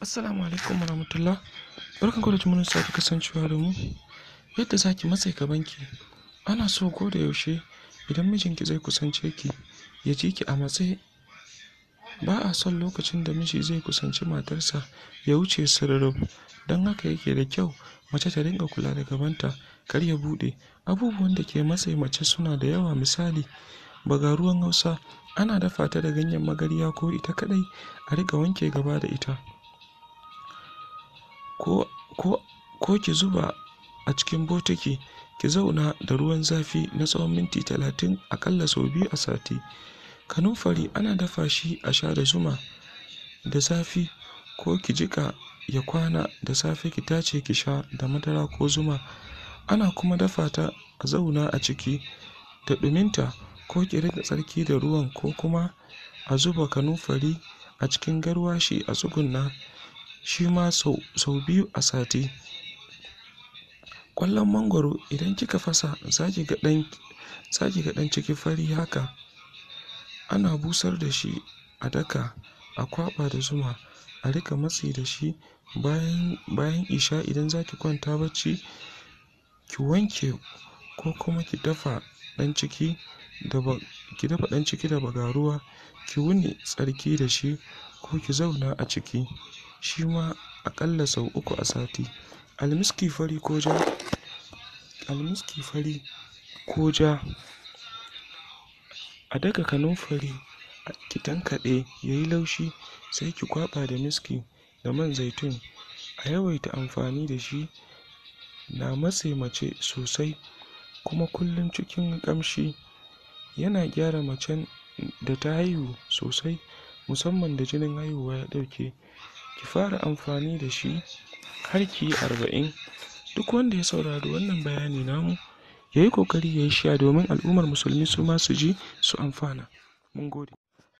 Assalamu alaikum warahmatullah. Barkan ku da jimurin sake kasancewa da mu. Yadda zaki ka banki. Ana so ko da yaushe idan mijinki zai kusance ki ya ji ki a matsayi. Ba a son lokacin da miji zai kusanci matarsa ya wuce sirrub. Don haka yake da kyau mace ta dinga kula da gabanta kar ya buɗe. Abubuwan da ke matsayi mace suna da yawa misali ruwan Hausa ana dafa ta da ganyen magarya ko ita kadai a riƙa wanke gaba da ita. ko ki zuba a cikin botiki ki zauna da ruwan zafi na tsawon minti talatin aƙalla sau biyu a sati kanunfari ana dafa shi a sha da zuma da zafi ko ki jiƙa ya kwana da safe ki tace ki sha da madara ko zuma ana kuma dafa ta a zauna a ciki da ɗuminta ko ki riƙa tsarki da ruwan ko kuma a zuba kanunfari a cikin garwashi a tsugunna shi ma sau biyu a sati. Ƙwallon mangwaro idan kika fasa za ki ga ɗan ciki fari haka. Ana busar da shi a daka, a kwaɓa da zuma, a rika matsi da shi bayan isha idan za ki kwanta bacci ki wanke ko kuma ki dafa ɗan ciki da bagaruwa ki wuni tsarki da shi ko ki zauna a ciki. shi ma aƙalla sau uku a sati. Almiski fari ko ja, almiski fari ko ja, a daka kanunfari ki tankaɗe yayi laushi sai ki kwaɓa da miski da man zaitun. A yawaita amfani da shi na matse mace sosai kuma kullum cikin ƙamshi. Yana gyara macen da ta haihu sosai musamman da jinin haihuwa ya ɗauke. ki fara amfani da shi har ki yi arba'in duk wanda ya saurari wannan bayani namu ya yi ƙoƙari ya yi shiya domin al'ummar musulmi su ma su ji su amfana mun gode